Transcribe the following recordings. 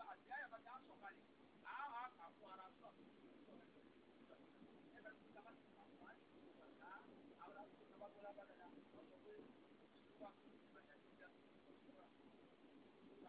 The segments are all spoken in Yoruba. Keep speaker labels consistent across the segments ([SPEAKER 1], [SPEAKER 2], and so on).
[SPEAKER 1] Gracias.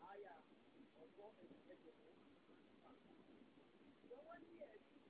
[SPEAKER 1] Aya.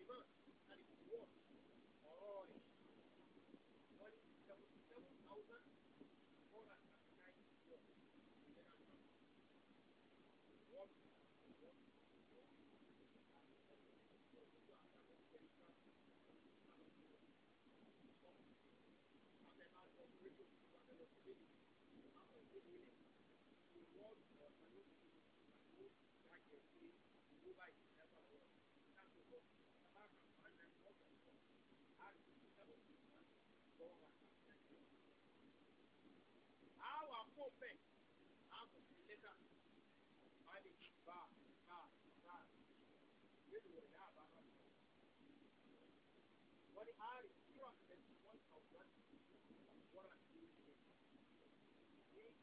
[SPEAKER 1] gbogbo ènìyàn àti ìwọ. body.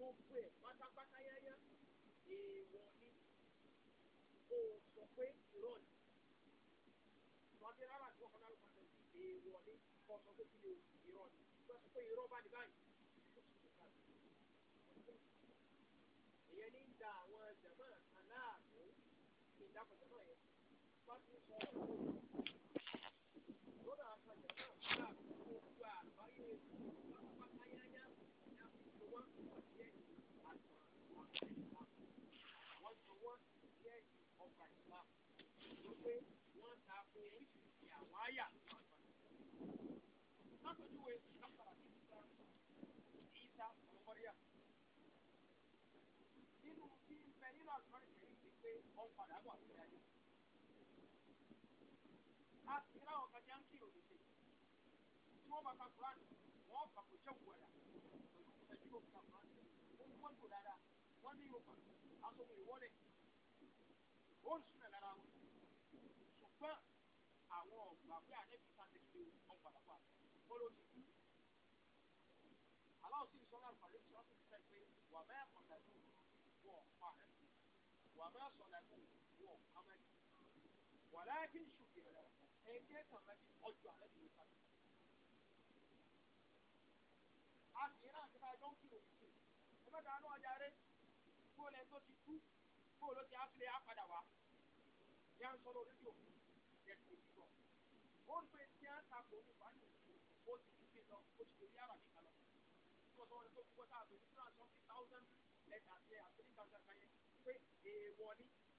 [SPEAKER 1] gbogbo ẹ̀ pátápátá yáyá èèwọ̀ ni ó sọ pé irọ́ ni tọ́jú rárá tí wọ́n kọ́ dárúkọ àti ọ̀sẹ̀ èèwọ̀ ni kọ́ sọ pé kíni irọ́ ni wọ́n sọ pé irọ́ bá ní báyìí ìyẹn ní da àwọn jàmáà aláàbò ìdákọ̀jàmáà yẹn wọ́n ti sọ ọ́ وما صنعوه وما صنعوه ولكن شبه له ẹgbẹ́ kan lẹ́yìn ọjọ́ alẹ́ ní ìta. a sì yẹn náà ti máa jọ ń kírò kìí ẹ mẹ́ta náà ọjà rẹ kó lẹ tó ti kú kó ló ti áfilẹ̀ á padà wá yà ń sọ lórí òkú ẹ̀sìn ìbíbọ̀ ó ń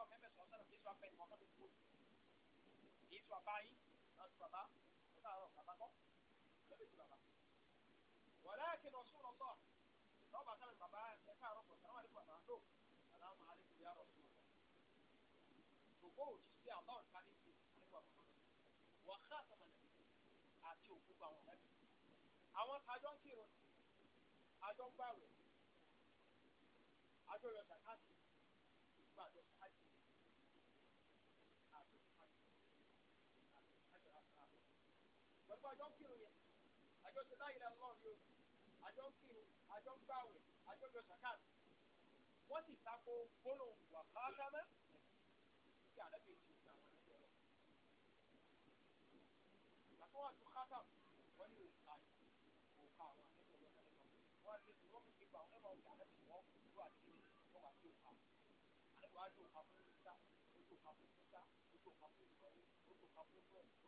[SPEAKER 1] àdúgbò mẹ́fẹ́ sọ̀rọ̀ sọ̀rọ̀ jésù afẹ́ ìwọ̀n kan tó kú jésù àbáyín àti bàbá ọ̀tá àrọ̀ bàbá kọ́ lọ́bẹ̀ ti bàbá. wọ̀lá kí lọ sún lọ́sọ̀ lọ́ba sáré bàbá ẹ̀ káàrọ̀ pọ̀ sàrọ̀ àdúgbò bàbá tó sàlámù alẹ́kùn yàrá ọ̀sùn lọ́sọ̀. gbogbo òjì sí àlọ́ ìkàlẹ́ ìlú àdúgbò bàbá wọ́n ká àtàmàlẹ́ àti òkú gba àwọn ọ̀rẹ́ àwọn àjọ ń kírun àjọ ń gbàwẹ̀ àjọ yọ sàkáàtì sọ pé àjọ ń kírun yẹn àjọ ṣe láyé lẹ́nu lọ́rùn yóò àjọ ń kírun àjọ ń I don't yọ ṣàkàtì I don't gbólóhùn wà káàkámẹ́ kí àdẹ́bí ti ìgbà wọn ní ọ̀rọ̀. Àtọ́ àti kátà wọ́n ní òkà òkà àwọn àdẹ́bí ọ̀rọ̀ náà lọ. Wọ́n ti ti wọ́n fi gbà wọ́n lọ́wọ́ kí àdẹ́bí wọ́n kò tó àdébí wọ́n wà sí òkà. Àdẹ́bí wọ́n á dé òkà fún ìta, ó tó òkà tó òkà tó òkà fún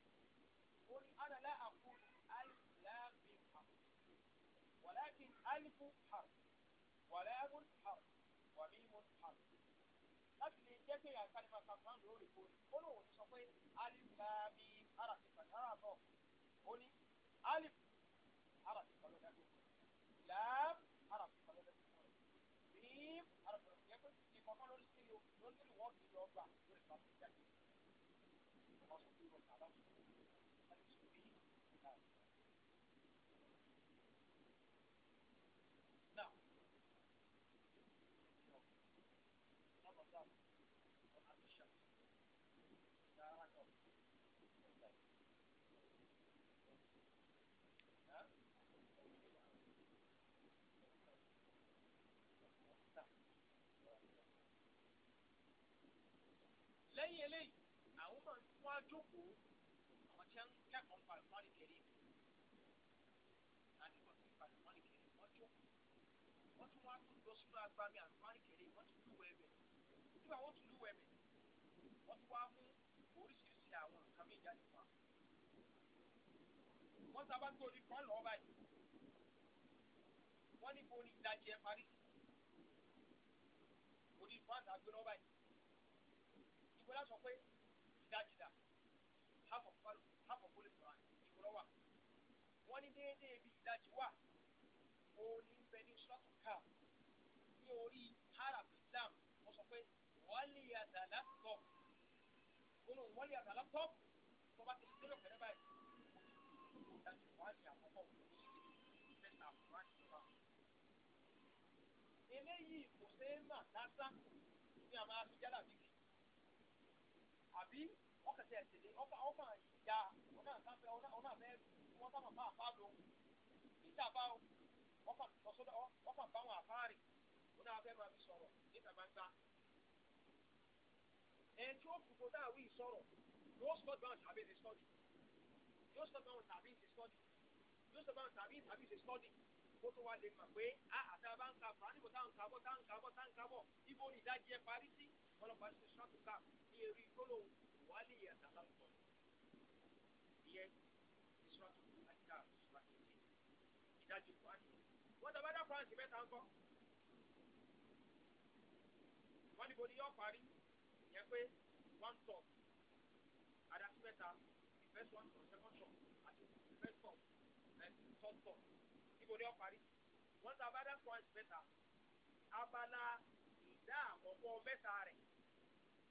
[SPEAKER 1] ألف حرف ولام حرف وميم حرف láti lè jẹ́ kéèyàn kálífà kàkàn lóòrèkóòrè ó lóun sọ pé alif láàbí arafi kàkàrà náà ó ní alif arafi kàlọ́dà tó láàm arafi kàlọ́dà tó rẹ̀ mím arafi kàlọ́dà tó rẹ̀ yẹ pé ìkọ̀kọ́ lórí sílẹ̀ lórí sílẹ̀ wọ́ọ̀kì lọ́gbà eléyìí àwọn máa ń tún wá jókòó àwọn tí wọ́n kẹ́kọ̀ọ́ ń parí mọ́lì kẹrí àdìgbò tó ń parí mọ́lì kẹrí wọ́n jókòó wọ́n tún wá tún lọ sínú agbami àlùmọ́lì kẹrí wọ́n tún lúwẹ̀ ẹ̀bẹ̀ nígbà wọ́n tún lúwẹ̀ ẹ̀bẹ̀ wọ́n tún wá mú oríṣiríṣi àwọn nǹkan mí ìjáde wá wọ́n sábà ń torí kan lọ́ọ́ báyìí wọ́n ní bo ni ìdajì ẹ̀ parí orí fún àtàgbé báyìí pé láti sọ pé ìdájìdá hapọ̀ kólé kùrán ìkúrọ̀ wà wọ́n ní déédéé bí ìdájì wà ó ní bẹ ní sọ́tù ká ní orí arab islam wọ́n sọ pé wọ́n lè àdàlá tọ́ gbọ́nà wọ́n lè àdàlá tọ́ tó bá ti ṣe lọ pẹ̀lẹ́ báyìí ìdájì wọ́n lè àkọ́kọ́ mẹ́ta kùrán ìjọba eléyìí kò sé mà lásán ní àmà àfijálà bíbí àbí wọ́n kẹsẹ̀ ẹ̀sìn lé ọkà ọkà ìyá ọ̀nà àkànfẹ́ ọ̀nà àfẹ́ wọ́n sábà bá àfá lòun níta bá ọkà lọ́sọ́dọ̀ ọkà bá wọn àfáàrì ọ̀nà àfẹ́ máa fi sọ̀rọ̀ níta bá ń gbá. ẹ̀ tí ó fòkò dáàwí sọ̀rọ̀ yóò sọ bá wọn tàbí ṣe sọ́ọ̀dì yóò sọ bá wọn tàbí ṣe sọ́ọ̀dì yóò sọ bá wọn tàbí tàbí ṣe sọ́ọ̀dì kó tó wá lè mọ̀ pé ah, àtàbá ń ka fún àníbò táwọn ń kabọ̀ táwọn ń kabọ̀ táwọn ń kabọ̀ ibo ìdajì ẹ parí sí ọlọ́pàá ṣe ṣọ́ọ̀tù ká ní eré gbólóhùn wálé ẹ̀dá lálùkọ́ ìyẹn ìṣúrátù àdìkà ìṣúrátù ìdájọ́ ìwádìí wọ́n tàbá dá fúráǹsì mẹ́ta ń kọ́ wọ́n níbo ni yóò parí ìyẹn pé one top adásí mẹ́ta the first one for second top àti the first top and third top níbo ni yóò parí wọ́n tàbá dá fúráǹsì mẹ́ta abala ìdá àkọ́kọ́ mẹ́ta rẹ̀.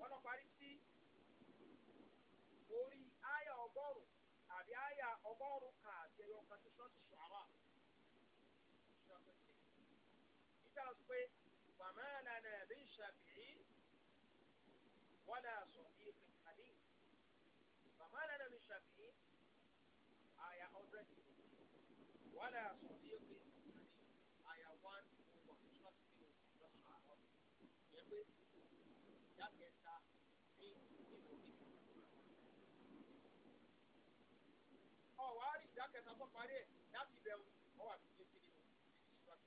[SPEAKER 1] wọ́n náà parí sí orí àyà ọgọ́rùn-ún àbí àyà ọgọ́rùn-ún kan àti ẹyọ kan tó sọ́ọ̀tì ṣàrà. Ìjà sọ pé màmá nànà bí ṣàbìrí wọ́n náà sọ bí ìkàlí. Màmá nànà bí ṣàbìrí àyà ọ̀dẹ́tì wọ́n náà sọ bí ìkàlí àyà wọ́n ọ̀wárí ìdákẹta tó parí ẹ̀ láti bẹ̀rù ọwà tó ṣe kiri wọn.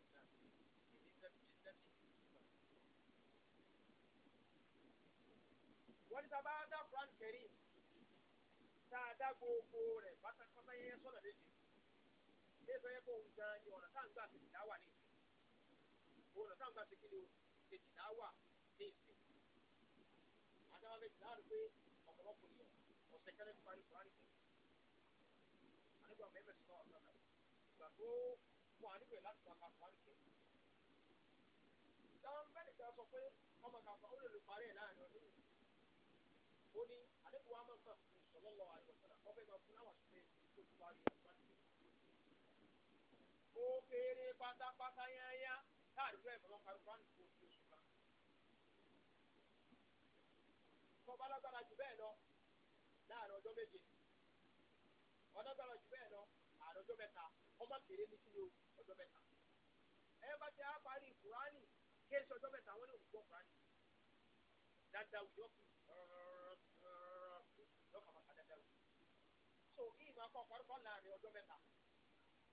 [SPEAKER 1] wọ́n ní sábà dá Quran kẹrí tá a dá gbogbo rẹ̀ pátápátá yẹn sọ̀rọ̀ méjì. ilé ìfẹ́ yẹn kó ohun gan ni ọ̀nà táǹgbà ti dìdáwà ní ìsìn. ọ̀nà táǹgbà ti kiri o ti dìdáwà ní ìsìn láàrin pé ọ̀pọ̀lọpọ̀ yẹn ọ̀sẹ̀ kẹ́lẹ́ nípa ní kùránì kan ànígbà mẹ́fẹ̀ẹ́ sí náà ọ̀sán náà ìgbà tó wà níbẹ̀ láti gba ka kùránì kan. táwọn bẹ́ẹ̀ni kan sọ pé ọmọ kàkà ó lè lè parí ẹ̀ láàrin ọdún yìí ó ní ànígbà wa máa ń gbà fún ìṣọ̀lọ́lọ́ àyọ̀sán àkọ́fẹ́ máa fún láwàsí pé ó ti parí ẹ̀ ó kéré pátápátá yányá láàrin ọmọ bá jù bẹ́ẹ̀ lọ láàrin ọjọ́ méje ọlágbára jù bẹ́ẹ̀ lọ ọjọ́ mẹ́ta ọmọ kéré ní ọjọ́ mẹ́ta ẹ bá ti á parí kùránì kéésì ọjọ́ mẹ́ta wọn ní òkú kù so kí ìmọ̀ akọ ọ̀pọ̀lọpọ̀ láàrin ọjọ́ mẹ́ta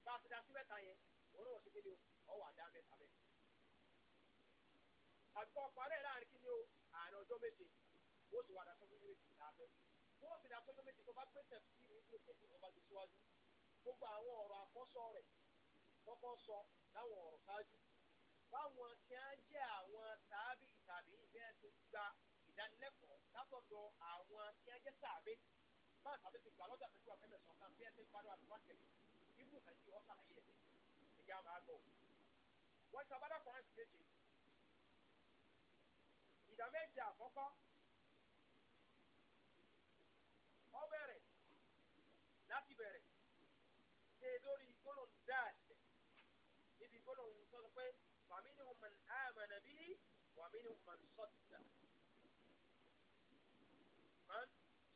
[SPEAKER 1] bá a ti da sí mẹ́ta yẹn mẹ́ta ó sì wà dàtọ́ méjì méjì láàbẹ̀ ó sì dàtọ́ méjì tó bá pé tẹ̀sí ní ìlú tẹ̀sí ọba ti síwájú gbogbo àwọn ọ̀rọ̀ àkọ́sọ rẹ̀ kọ́kọ́ sọ láwọn ọ̀rọ̀ ṣáájú báwọn tí wọ́n jẹ́ àwọn tàbí tàbí bẹ́ẹ̀ tó gba àkọ́kọ́ منهم من صدق من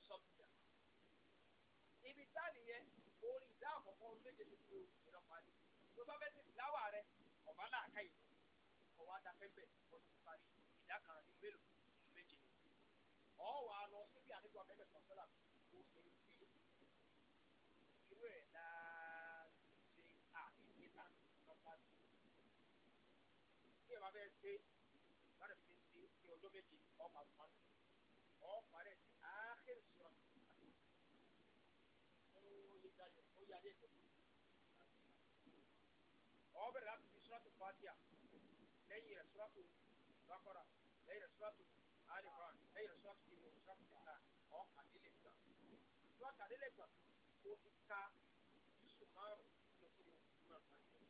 [SPEAKER 1] صدق ibi tá nìyẹn orin ìdá àkọ́kọ́ méje tó fi ìran parí tó bá fẹ́ tètè láwà rẹ ọ̀bá làákà ìlú ọ̀wá dafẹ́fẹ́ ọdún tó parí ìdá kan ní mélòó méje ọ̀wà o síbi àdéhùn abẹ́rẹ́ sọ̀tọ́là kò sí ní irú ẹ̀ láti ṣe àìsíta lọ́pàá. Bí ẹ bá fẹ́ ṣe méjì ọmọ àlùfáà ọ̀ parẹ́ sí àákẹ́rì sùúrà ó lè dájọ́ ó yà dé ìtọ́jú ọ̀ bẹ̀rẹ̀ láti fi sùúrà tó fàtíà lẹ́yìn rẹ̀ sùúrà tó bákọ́ra lẹ́yìn rẹ̀ sùúrà tó àlùfáà lẹ́yìn rẹ̀ sùúrà tó ìwé sùúrà tó ìta ọ̀ àdélé gbà sùúrà tó àdélé gbà ó ti ka yusuf márùn lọ́sọ̀rọ̀ ìgbà kan.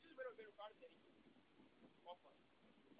[SPEAKER 1] Sísú bẹ̀rẹ̀ bẹ̀rẹ̀ bá ń tẹ̀lé ọkùnrin.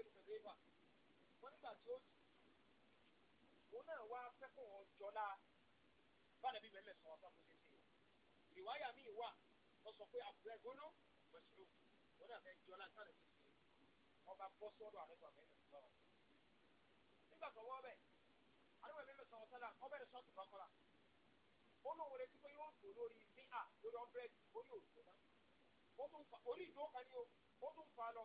[SPEAKER 1] wọ́n nígbà tí ó òun náà wá fẹ́kọ̀ ọjọ́lá bánàbí mẹ́mẹ́ sọ wọn sáfún ṣẹṣẹ ìwáyà míì wà wọ́n sọ pé àbúrẹ́ gbóná pẹ̀sùlù òun náà fẹ́ jọlá sánàbí ṣe ọba bọ́ sọ́dọ̀ àrẹ́gbà mẹ́mẹ́ sọ wọn. nígbà tó wọ́ bẹ̀ àrẹ́gbà mẹ́mẹ́ sọ wọn sálà ọbẹ̀ rẹ̀ sọ́ọ̀tù lọ́kọ́lá ó lóun retí pé yóò dò lórí bíà lórí ọ̀bẹ̀rẹ̀ orí òdò náà ó tún fa orí ìdó kan ní o ó tún fa lọ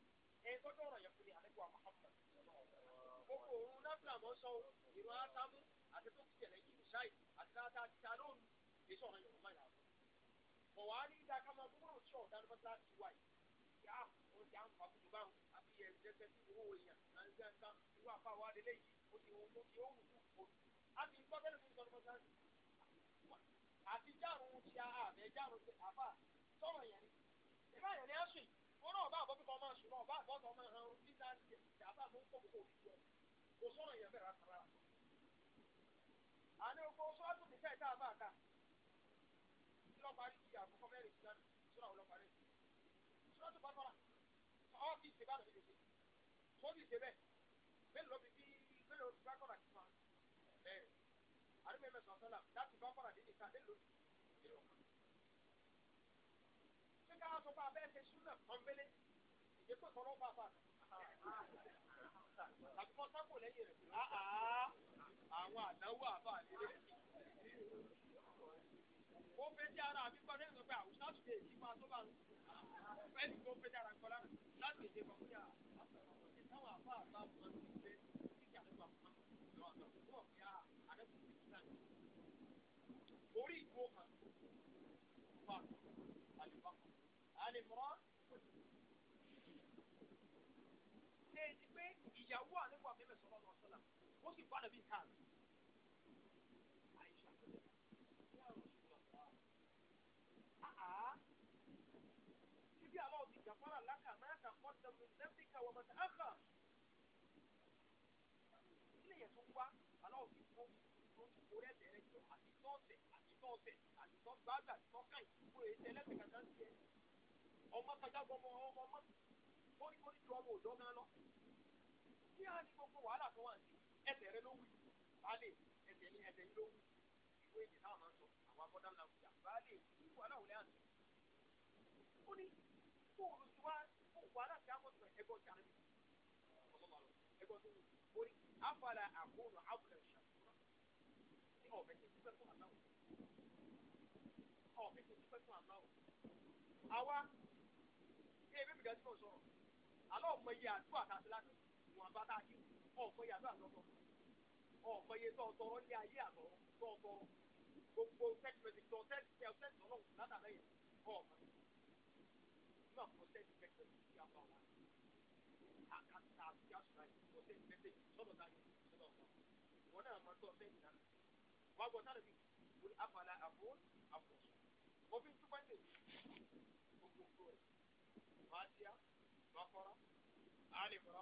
[SPEAKER 1] ẹ̀ gbọ́dọ̀ ti tẹ̀lé yìí ti àbá sọ̀rọ̀ yẹn ni ìbá ni á sùn yìí ọba àbọ̀ fífọ́ máa sùn náà ọba àbọ̀ tó máa hàn orí náà ní ẹ̀sìn àbá àbọ̀ pọ̀ púpọ̀ òbí jọ kò sọ̀rọ̀ yẹn bẹ̀rẹ̀ àtàrà. àní ogun sọ́ọ́tù nìkẹ́ ìta àbá àká ìlọ́pàá rí ti àkọ́kọ́ mẹ́rin sí lánàá sọ́ra ọlọ́pàá rẹ̀ sọ́ọ́tù pápára ọ́ọ́tì ìṣèbánu ti lè ṣe sọ́ọ́tì ìṣèbẹ́ mélòó bí mélòó ti bá kọ́ra kí pọ́nbélé ìgbésẹ̀ sọ̀rọ̀ pàápàá tàbí kọ́ sápò lẹ́yìn rẹ̀ áá ah, ah. àwọn àdáwọ̀ àbá àlélẹ́. ó fẹ́ jẹ́ ara àbí kọ́ lẹ́yìn sọ́pẹ́ àwùjọ láti lè yí máa tó bá ń fẹ́ẹ̀lì tó fẹ́ jẹ́ ara kọ́ lára láti lè dé ah, kọ́ fún yà táwọn àbá àbá àbúrò ti ń gbé títí àdúgbò àbúrò lọ́wọ́ àbúrò ọ̀gá àdẹ́kùn ti ti náà. orí ìgbó kan fà àlùbọ́kọ̀ àlùbọ́kọ̀ ìyàwó àlẹ́kọ̀ àmẹ́mẹ́ sọ̀rọ̀ lọ sọ́là ó sì bá nàbí nǹkan àmì. Ibi àlọ́ ti jàpárà lákà máa kà kọ́ dẹ̀mí lẹ́fíkà wọ̀ mọ̀tà áhà. Ilé yẹn tó wá àlọ́ ti kó lójú orí ẹ̀sẹ̀ rẹ̀ tó àtìtọ́ ọ̀sẹ̀ àtìtọ́ ọ̀sẹ̀ àtìtọ́ gbàgbà àtìtọ́ káyì kó èyí tẹ lẹ́sẹ̀ kàtà ń tiẹ̀. Ọmọ kájà gbọmọ ọmọ ọmọ ó ní kó ní ju ọmọ òjọ́ gan lọ kí á ní gbogbo wàhálà tó wà ní ẹsẹ̀ rẹ ló wù yìí baálé ẹsẹ̀ ní ẹsẹ̀ yìí ló wù ìwé èdè náà máa ń sọ àwọn akọ́dá ńlá wù baálé ìlú wàhálà wù lẹ́yìn àti. ó ní kó o ti wá kó wàhálà ti àwọn sọ ẹgbọ́n ti àná ẹgbọ́n tó wù ó ní àfàlà àkóónù àbúlẹ̀ ìṣàkóso ní ọ̀bẹ tí dúpẹ́ fún àláwọ̀ ọ̀bẹ tí dúpẹ́ fún àláwọ̀ àwa ní ebí mi bá tá a kí ọ̀pọ̀ yàtọ̀ àtọ̀tọ̀ ọ̀pọ̀ yẹ tó ọ̀tọ̀rọ̀ lé ayé àtọ̀ tó ọ̀tọ̀rọ̀ gbogbo sẹ́tìmẹ̀tì tó sẹ́tìmẹ̀tì ọ̀sẹ̀tì ọlọ́run látàlẹ́ yẹn ọ̀pọ̀ nígbà tó sẹ́tìmẹ̀tì ti a bá wa àkàtà àti àṣùrà yìí tó sẹ́tìmẹ̀tì sọ́dọ̀ náà yìí sọ́dọ̀ ọ̀pọ̀ wọn náà máa tọ́ sẹ́yìn náà wàá gbọ́ sáré bí wọ́n afàlà àbò àbò òfin túpẹ́ ń tèmi gbogbo rẹ̀ wàá tíya wàá kọ́ra àlè kọ́ra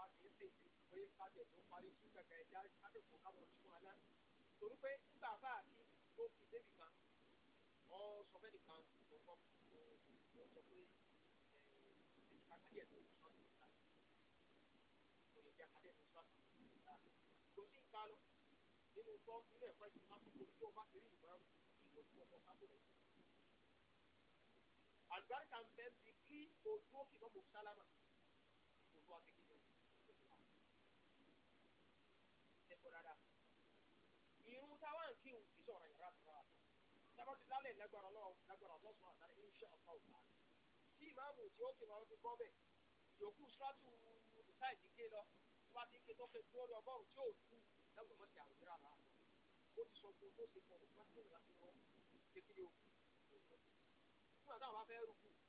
[SPEAKER 1] bàjẹ́ tó parí sí kẹ̀kẹ́ ẹ̀dá àdókò káwọn ojú wọn náà torí pé nígbà bá àti ó fi débi kan ọ sọ fẹ́ nìkan kò kọ́ ọ sọ pé ẹ̀ka díẹ̀ tó sọ ní ìta kò lè jẹ́ akadé tó sọ ní ìta kò sí nǹkan lọ nínú tọ́ nínú ẹ̀kọ́ ìṣúná máa kókó tí o bá ìgbà ìgbà tó kọ̀ ká tó ń bẹ́ẹ̀ bí kí ojú òkè náà mọ̀ sálámà. lálẹ́ lágbára ọlọ́run lágbára ọlọ́sùn àtàrí iṣẹ́ ọ̀pá òkú tí ìmáàmù tí ó ti máa fi bọ́ bẹ̀ yòókù sọ́tù ìsáì ti ké lọ tó bá ti ké tó fẹ́ dúró ọgọ́rùn tí ò tú lẹ́gbọ̀n mọ́ ti àwòrán rà ó ti sọ pé ó ṣe pọ̀ nípa tí òun láti wọ́n kékeré òkú nígbà táwọn bá fẹ́ rúkú wọ́n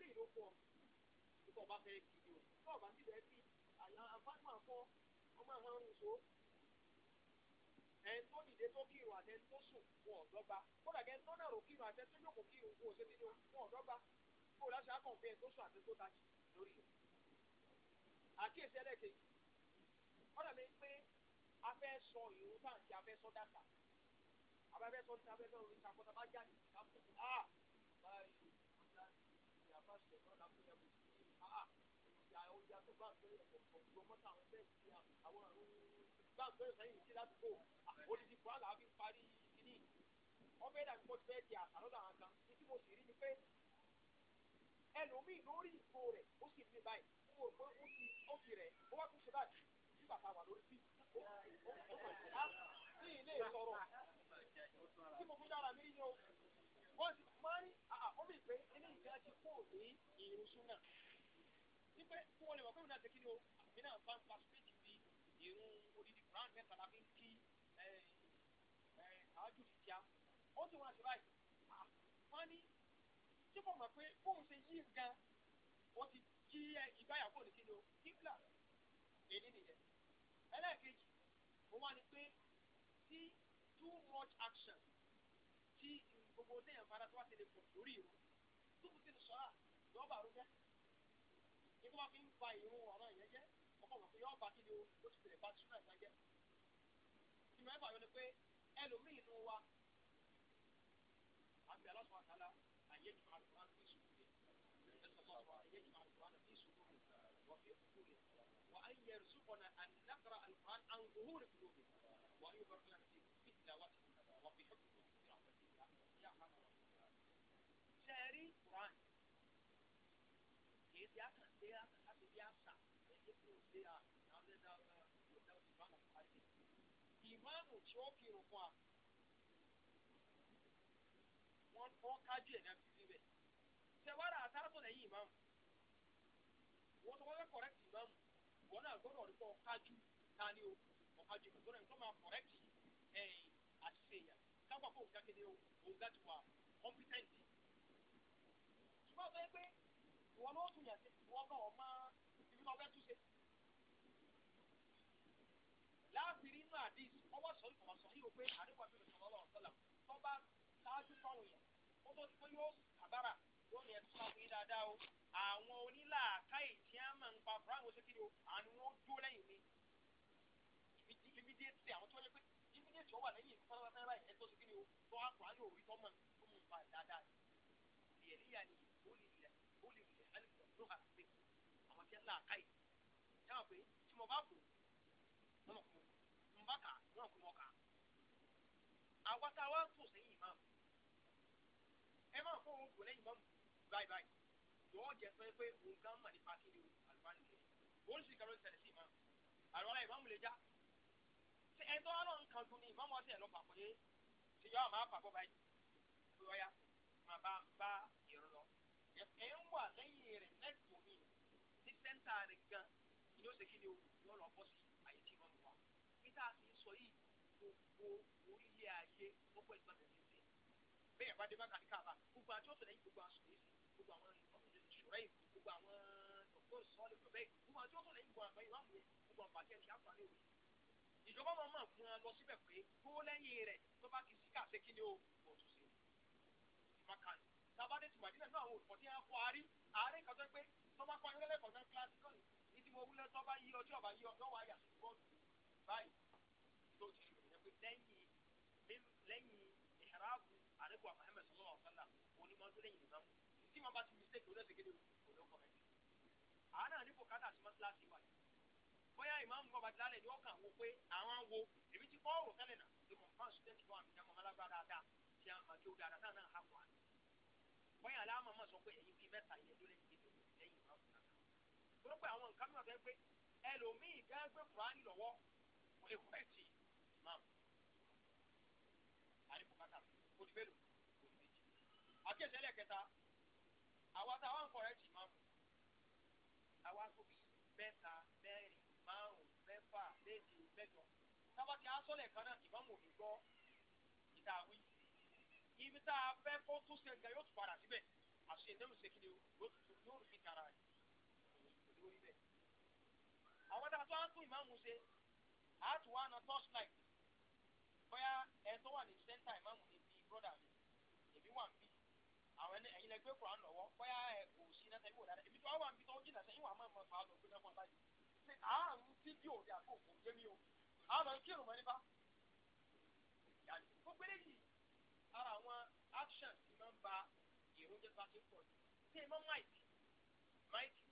[SPEAKER 1] lè ló pọ̀ nípa ọba fẹ́ kiri òkú tó ọba síbẹ̀ bí àyà dìde tó kírun àtẹ tó sùn wọn ò dọ́gba kódà kẹ́ tó nàró kírun àtẹ tó yòókù kírun wọn ò ṣe nínú wọn ò dọ́gba kó o láṣà kàn bẹ́ẹ̀ tó sùn àtẹ tó tají lórí rẹ̀. àkíyèsí ẹlẹ́kejì kódà mi pé a fẹ́ sọ ìrún báǹkì a fẹ́ sọ dàtà a bá fẹ́ sọ dàtà a fẹ́ sọ orí ìṣàkóso a bá jáde a kò tó a bá yí ọjà ìyàbá ṣe lọ́ọ́ làkúnyẹ̀ kò sí a ìyà ọjà tó bá ń bẹ̀rẹ̀ ọ̀pọ̀ odidi kura la fi parí kìíní ọbẹ̀ dàbí kó ti fẹ́ di àṣà lọ́dọ̀ àwọn kan títí mo sì rí ni pé ẹlòmíì lórí ìgò rẹ̀ ó sì ní báyìí kó o pé ó ti ó fi rẹ̀ ó wá tún ṣe báyìí ní bàtà wà lórí bí ó ní ilé ìsọ̀rọ̀ tí mo fi dára mi o wọ́n ti máa ń ọmọ ìpè ilé ìgbà ti kó o ní ìrìn súnà wípé kí wọ́n lè wọ́n pé mi náà ṣe kí ni o mi náà bá ń pa spéèkì bí irun tààjú ti kíá ó sì wọn àti báyìí ah, wọn ní tí kò mọ̀ pé bóun ṣe yí gan ó ti jí ìgbáyà kò ní kíni o kíkìlà èyí nìyẹn ẹlẹ́ẹ̀kejì ó wá ní pé tí too much action tí gbogbo déyàn fara tó wá ti lè pọ̀ lórí ìrù tó kù sí sọ́ra yóò bá rú jẹ́ ní kó fi ń ba ìrún ọ̀ràn ìyẹn jẹ́ ọkọ̀ mọ̀ pé yóò bá kíni o ó ti tẹ̀lé bá túnú ẹ̀ jẹ́ ìmọ̀ ẹ̀fà yọ ni pé ẹlòmíì nù wa àti aláṣọ àtàlà àyè jùlọ àlùkò àti ìṣòro rẹ ẹsẹ lọ sọ àyè jùlọ àlùkò àti ìṣòro rẹ wà fi kúrò rẹ wà á yẹ rìsúkọ̀nà ànàkàrà àlùkò àti àǹgòhórè kúrò rẹ wà á yẹ bọ̀rọ̀ náà ti fi ìlà wá sí wà fi hẹ́kù rẹ fi àwọn ti ìlà yà á kà wà sẹ́ẹ̀rì kuran kì í ti àkàndé àkàndé àṣà kì í ti kúrò sí àná. ìmáàmù tí ó fi rùn fún wa wọn kọ́ kájú ẹ̀ náà fi síbẹ̀ tẹwárà àtàtọ̀ lẹ́yìn ìmáàmù wọ́n tó wọ́n kọ̀rẹ́kì ìmáàmù wọn náà gbọ́dọ̀ rí kọ́ kájú tani o ọ̀kájú ìgbọ́dọ̀ rí kọ́ máa kọ̀rẹ́kì ẹ̀yìn àṣìṣe èèyàn kápá fún òǹkà kéde òǹkà ti wà kọ́mpítẹ́ǹtì ṣùgbọ́n ọ̀sẹ̀ pé ìwọ ló tún yàn sí ìwọ náà ọmọ ibi tó fẹ́ túnṣe hadith wọ́n wá sọ yìí sọ yìí pé àdéhùn àbí ìrìnsọ̀ lọ́wọ́ ọ̀sọ́là tó bá ṣáájú fáwọn èèyàn ó tó pé yóò kàbára yóò ní ẹ̀sùn àwọn yìí dáadáa o àwọn onílàákàyè tí a máa ń pa fúráwọn oṣèkiri o àni wọn dúró lẹ́yìn mi immediately àwọn tó wáyé pé immediately wọ́n wà lẹ́yìn mi pátápátá báyìí ẹ̀ tó ṣe kiri o tó wá kó ayé òrí tó mọ̀ tó mú pa dáadáa ìyẹ̀líyà ni ó lè lẹ̀ ó lè lẹ̀ alẹ́ má kà wọn kò mọ kà àwa tá a wá tò sẹ́yìn imam ẹ má fọ òun kò lẹ́yìn imam báyìí báyìí yọọ jẹ sọ pé òun kan mà nípa kí ni alùpàdé rẹ òun sì kàrọ ìṣẹ̀lẹ̀ sí imam àrùn imam lè já ẹ tó wà lọ́n kan dún ní imam ọ̀sẹ̀ lọ pàpọ̀ yé ṣe yọ àmà pàpọ̀ báyìí pé ọ̀ya má bá bá èrò lọ ẹ ń wà lẹ́yìn rẹ̀ lẹ́tọ̀ọ́ mi ní sẹ́ńtà rẹ̀ gan ni ó ṣe kí ni o tá a fi ń sọ yìí gbogbo orílẹ̀ ayé ọ̀pọ̀ ìgbà tó ti sè bẹ́ẹ̀ bá dé bá kàdí káàbà gbogbo àjọ sọ̀rọ̀ yìí gbogbo àṣọ yìí gbogbo àwọn ìṣòro yìí gbogbo àwọn ọ̀pọ̀ ìsọ̀rọ̀ yìí bẹ́ẹ̀ gbogbo àjọ sọ̀rọ̀ yìí gbogbo àgbáyé wà mú gbogbo àbàjẹ́ ní àǹfààní òwe ìjọba máa máa fún wọn lọ síbẹ̀ pé gbówó lẹ́yìn rẹ̀ tó bá kì í síkà ṣe kí ni o pọ̀ tó ṣe ìmọ̀kànnì tabade ti màdínà náà wò fọ́ tí a kọ́ àárín àárín kan tó pé tó bá kọ́ ayọ́lẹ́lẹ́ kọ̀ọ̀kan kíláàsì kan ní tí mo wúlẹ̀ tó bá yí ọjọ́ bá yí ọjọ́ wa yà sí bọ́ọ̀lù báyìí tó ti ṣòro yẹn pé lẹ́yìn lẹ́yìn ìhàrábù Muhammad sallallahu alaihi wa sallam onímọ̀ tó lẹ́yìn nìkan tí wọ́n bá ti mistake ó lẹ́sẹ̀ kéde kò lọ́kọ̀ rẹ̀. àánà nípò kádà sí mọ́síláṣí wa yìí bóyá ìmáàmù bàbá ti lálẹ́ ni ó kàn wọ pé àwọn wo èmi ti kọ́ ọ̀rọ̀ tẹ́lẹ̀ náà ló mọ̀ fáwọn sùdẹ́ntì kan àmì ìjàmọ̀ alágbá dáadáa ti àmà kí ó dáadáa táwọn náà hà wá. bóyá aláàmọ̀ mọ̀ sọ pé ẹ̀yin bíi mẹ́ta ilẹ̀ ló lẹ́yìn kéde lẹ́yìn ìmáàmù náà. tó pé àwọn nǹkan mìíràn fẹ́ pé ẹlòmíì gẹ́gẹ́ gbé kùránì lọ́wọ́ kò lè di mélòó kò di méjì àkíyèsí ẹlẹ́kẹta àwa tá a wá ń kọ̀rẹ́ tì máa mú àwa tó bí mẹ́ta mẹ́rin márùn mẹ́fà méje mẹ́jọ táwa ti asọ́lẹ̀ kan náà ìmáàmù òní gbọ́ ìta àwí ibi tá a fẹ́ kó tún ṣe nǹkan yóò tún padà síbẹ̀ àṣe ìdẹ́rù ṣe kí ni o yóò rí tara rẹ̀ lórí bẹ́ẹ̀ àwọn tá a tó á tún ìmáàmù ṣe àá tún wá na ilẹ̀ gbé kuran lọ́wọ́ bóyá ẹ kò sí náà sẹ́yìn wò dáadáa ibi tó wà níbi tó jìnnà sẹ́yìn wà máa ma fa lọ gbéná fún abáyé ṣe àárùn fídíò rẹ àti òkò yé mi o àmọ́ kírun mọ́ nípa gbogbo eléyìí ara àwọn action ti máa ń ba ìrúnjẹ bá ti ń pọ̀ jù ṣé mọ́ máìkì máìkì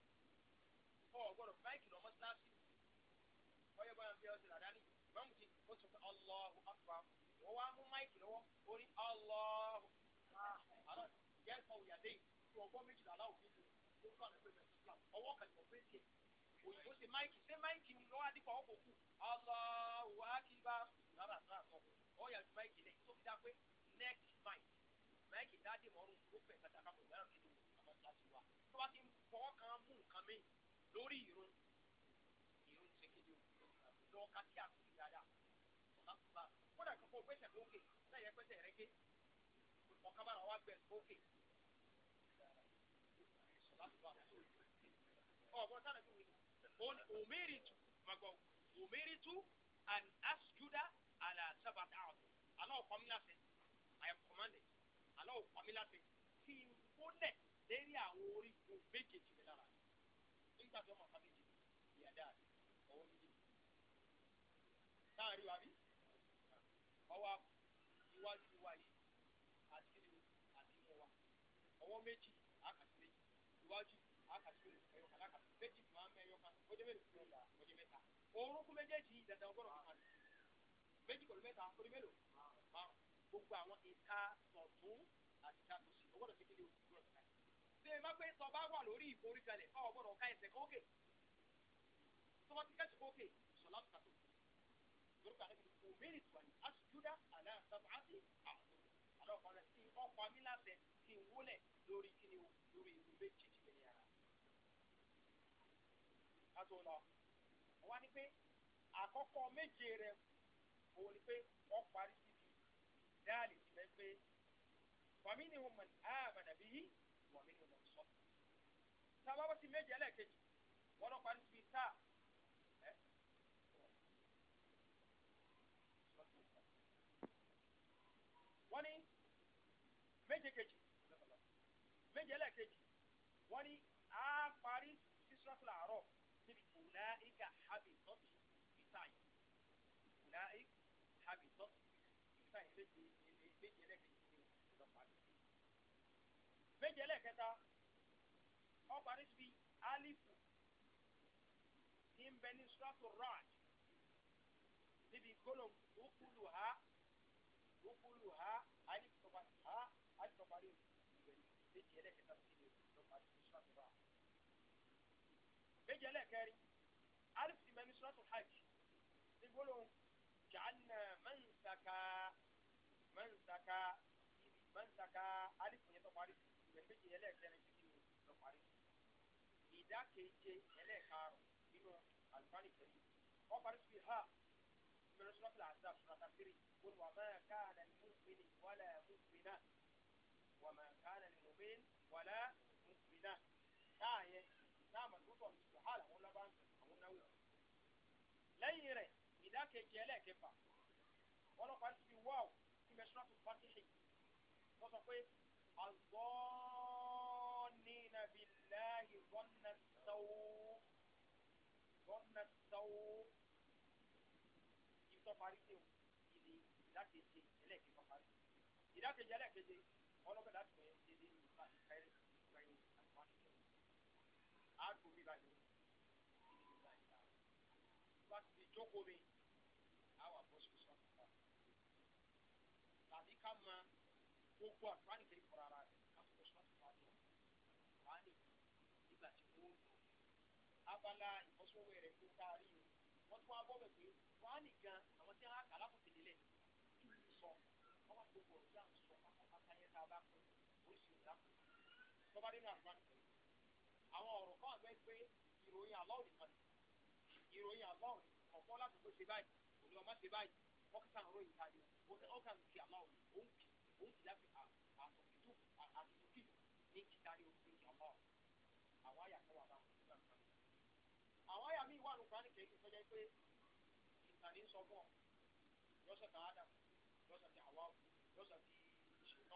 [SPEAKER 1] ọ gbọ́dọ̀ máìkì lọ́mọ́ síláàsì ọyọ bá ń bí ọsẹ àdáni ìmọ̀mùtì ó sọ pé Allahu ìyá ẹ̀fọ́ òyàdé tó ọwọ́ méjìlá aláwọ̀ méjì ló lọ́nà pé bẹ̀rẹ̀ sílá ọwọ́ kan ìwọ̀n pé tiẹ̀ òyìnbó ṣe máìkì ṣé máìkì ni lọ́wọ́ adípa ọkọ̀ kù aláwọ̀ akíba rárá rárá sọ ọ̀yà ju máìkì lẹ̀ tó fi dá pé neck mic máìkì dáadé mọ́rùn ó fẹ̀ kàtàkàmọ̀ ìyára nínú àwọn kíláàsì wa tó bá ti fọwọ́ kan mú nǹkan mí lórí ìrun ìrun ṣe kéde lọ́ọ̀ká tí a kù dáadáa kódà kan fọ pẹ́sẹ̀ lókè náà yẹ pẹ́sẹ̀ rẹ́gẹ́ ọ̀kan bára wa gbẹ̀ lókè. ọ̀bọ̀ sára bí wìlì òun òmìrìtù magbọ̀ òmìrìtù and asjuda ala sabata ọ̀dọ̀ àná ọ̀pọ̀ mi láti I am commanded àná ọ̀pọ̀ mi láti fi wọlé lérí àwọn orí kò méjèèjì mi lára nígbà tó ọmọ kan méjì ìyàdá ọwọ́ méjì láàrin wa bí ọwọ́ iwájú wa yìí àti àti ọwọ́ méjì. orúnkún méjèèjì dandan gbọ́dọ̀ fi kalẹ̀ méjì pẹ̀lú mẹ́ta orí mélòó márùn gbogbo àwọn ìta ọ̀tún àti ìta tòsí ó gbọ́dọ̀ fi kéde ojú gbọ́dọ̀ fi kalẹ̀ ṣé ẹ má pé sọ bá wà lórí ìforí kalẹ̀ ọ gbọ́dọ̀ ká ẹsẹ̀ kókè tó bá ti kẹsì kókè sọlá tó kàtó lórúkọ àti òmìnir tuwani asùjúdà àlà sàbàtì àwọn ọkọ rẹ ti ọkọ mi láṣẹ kí n wólẹ̀ lórí kí ni lórí ìwé méjì ti wá ní pé àkọ́kọ́ méje rẹ̀ òun ni pé wọ́n parí síbi dáàlì sílẹ̀ pé wàmí ni wọn mọ̀n àmàna bí yí wàmí ni wọn sọ. Táwa wọ́n ti méje ẹlẹ́ẹ̀kejì wọ́n lọ parí síbi táà. Wọ́n ní méje kejì méje ẹlẹ́ẹ̀kejì wọ́n ní a parí sí sọ́tìlà حبطت بتاعي أولئك حبطت بتاعي méje lẹ́kẹ̀ẹ́ méje lẹ́kẹ̀ẹ́ta ọba ní fi alifu ní bẹ ní sọ́tò raj níbi gbólóhùn ukulu ha ukulu ha alifu tọba ha alifu tọba ní méje lẹ́kẹ̀ẹ́ta sí ní sọ́tò raj méje lẹ́kẹ̀ẹ́rin hajj ní gbólóhùn jàánà mẹ́nsàkà mẹ́nsàkà mẹ́nsàkà alifun yẹn tó parí ìgbẹ́ méjì ẹlẹ́ẹ̀kẹrin sí kìíní tó parí ìdá keje ẹlẹ́ẹ̀karùn nínú alifani kẹrin wọ́n parí sí ha mẹ́rin sọ́kìlà àti àṣùràtà tírì gbólóhùn àmọ́ káàdà ní mùsùlùmí wàlẹ̀ mùsùlùmí náà. lẹ́yìn rẹ̀ ìdákejì ẹlẹ́ẹ̀kẹfà wọn lọ́pàá ti fi wọ́ọ̀ sí mẹ́sàn-án tó fàtíhì wọ́n sọ pé àzọ́ọ̀nìnà billahi dhanna as-saw' dhanna as-saw' ìtọ́parí tí ìdí ìdákejì ẹlẹ́ẹ̀kẹfà parí ìdákejì ẹlẹ́ẹ̀kejì ọlọ́pàá láti pẹ̀ ẹ́ ṣe ní ìgbà ìkẹrẹ ìgbà ìgbà ìgbà ìgbà jókòó mi àwa bọ́ sí sọ́nà ìgbà tàbí ká mọ gbogbo àkùránì kiri kọ́ra ara rẹ̀ ká fọ́ sọ́nà ìgbà tó àkùránì nígbà tí ó ń lò abala ìfọ́sọ́wọ́ rẹ̀ tó ká rí o wọ́n tún wá bọ́ bẹ̀ a àkùránì gan àwọn tí wọ́n á kà lákòókò nílẹ̀ tún lè sọ wọ́n wá gbogbo ọ̀rọ̀ tí à ń sọ pátápátá yẹn o a bá kọ́ oríṣi ìdáko tọ́ba nínú àkùránì kiri àwọn ọ̀rọ̀ kan àgbẹ̀ pé ìròyìn àlọ́ òní kan ìròyìn àlọ́ òní ṣe báyìí òní ọmọ ṣe báyìí wọ́n kí sáà ròyìn tàbí wọ́n kàn kí àmà òun òun kì òun kì láti àtọ̀kìtò àtọ̀kì ní kìtàrí òfin kì àmà àwọn àyà kan wà bá àwọn àyà míì wà lóko àníkè yìí sọjá pé ìtàní sọ fún ọ lọ́sọ̀ tí Adam lọ́sọ̀ tí àwa lọ́sọ̀ tí ṣètọ́n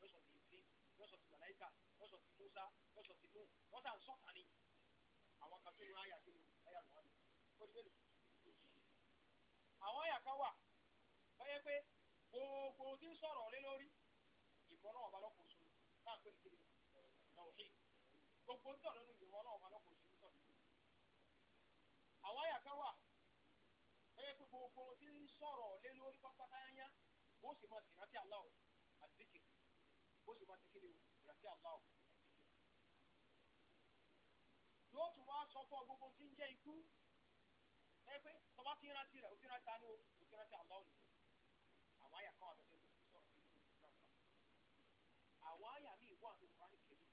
[SPEAKER 1] lọ́sọ̀ tí ìfín lọ́sọ̀ tí màláìkà lọ́sọ̀ tí Musa lọ́sọ̀ tí nù wọ́n sà ń sọ̀kà ni àwọn kan tó ń ráyà tó ń ráyà lọ́wọ́ ni ó ti bẹ́ẹ̀ àwọn àyà kan wà bẹ́ẹ̀ pé gbogbo tí ń sọ̀rọ̀ lé lórí ìbọn náà ọba lọ́kùnrin sọ̀rọ̀ náà pé ìkéde lọ́wọ́sí gbogbo tí ọ̀rọ̀ nínú ìbọn náà ọba lọ́kùnrin sọ̀rọ̀ sọ̀rọ̀ àwọn àyà wà pé gbogbo tí ń sọ̀rọ̀ lé lórí bó sì máa aláwọ̀ bó sì máa aláwọ̀ yóò tún wá sọ fún gbogbo tí ń jẹ́ jẹ́ pé tọ́ba ti rántí rẹ̀ òfin rántí àánú òfin rántí àlọ́ òní àwọn àyà kan àbẹ̀tẹ̀ tó ti sọ̀rọ̀ sí ìlú ìgbàgbà àwọn àyà mi wà ní kúránì kejì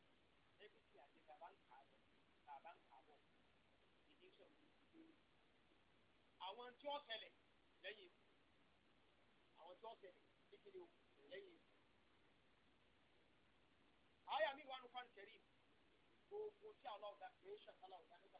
[SPEAKER 1] ẹbí tí àti bàbá ń kà bọ̀ bàbá ń kà bọ̀ ìdí sọ̀rọ̀ àwọn tí ó ṣẹlẹ̀ lẹ́yìn àwọn tí ó ṣẹlẹ̀ kékeré lẹ́yìn àyà mi wà ní kúránì kẹrì gbogbo tí àlọ́ ọ̀dà kìí ṣàtàlà ọ̀dà nígbà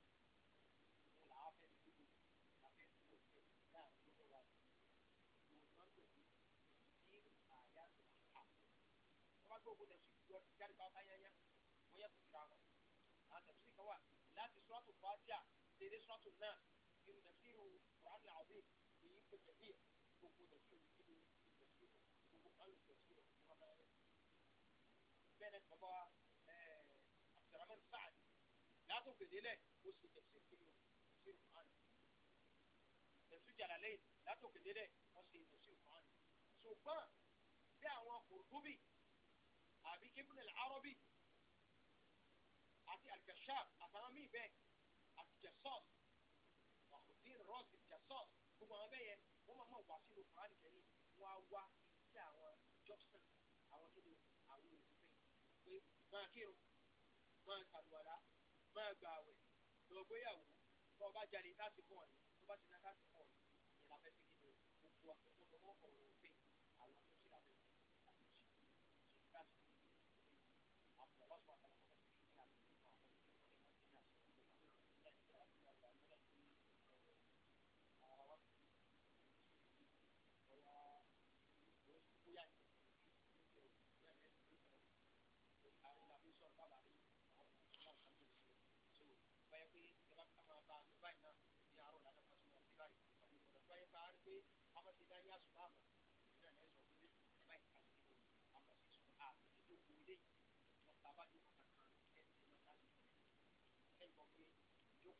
[SPEAKER 1] bá gbóògùn tẹ̀ sí ìjọ jáde pa ọ̀tá yẹnyẹ wọ́n yẹ kùtù ra wọn. àwọn tẹ̀sí kan wà láti sọ́ọ̀tù fàájà tẹ̀lé sọ́ọ̀tù náà irú tẹ̀sí irú kùránì àwọn èyí ń pè tẹ̀sí gbogbo tẹ̀sí irú kí ni tẹ̀sí gbogbo kánú tẹ̀sí irú kí wọ́n máa yẹ. bẹ́ẹ̀ ni bàbá abdulrahman saad látò gbèdélẹ̀ ó sì tẹ̀sí irú tẹ̀sí irú kánú tẹ̀sí jàlálẹ́ látò gbèdélẹ̀ wọ́n sì tẹ̀sí irú kánú. ṣùgbọ́n bí àwọn kòtúbì àbí ibn al-arabi àti al-kashaf àtàwọn míì bẹ́ẹ̀ àti jasọ́s ọ̀hùndín rọ́ọ̀sì jasọ́s gbogbo àwọn bẹ́ẹ̀ yẹn wọ́n máa máa wà sínú kùránì kẹ́lí wọ́n á wá sí àwọn jọ́sìn àwọn tó lè àwọn olùsìn pé máa kírun máa ṣàlùwàlá máa gba àwẹ̀ lọ gbéyàwó tó ọba jáde láti fún ọ̀nì tó bá ti ná láti fún ọ̀nì ìlànà ẹ̀sìn kìíní gbogbo àkókò lọ́wọ́ ọ̀rọ̀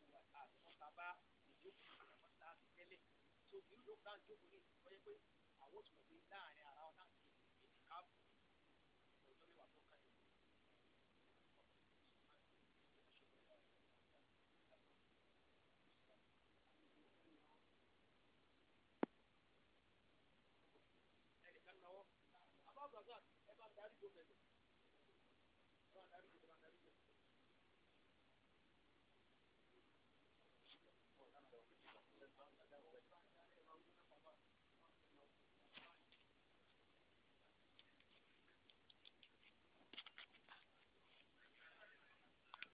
[SPEAKER 1] jókòó àwọn bàbá ìjókòó àwọn tá a ti tẹ́lẹ̀ tó ìlú ló bá jókòó ní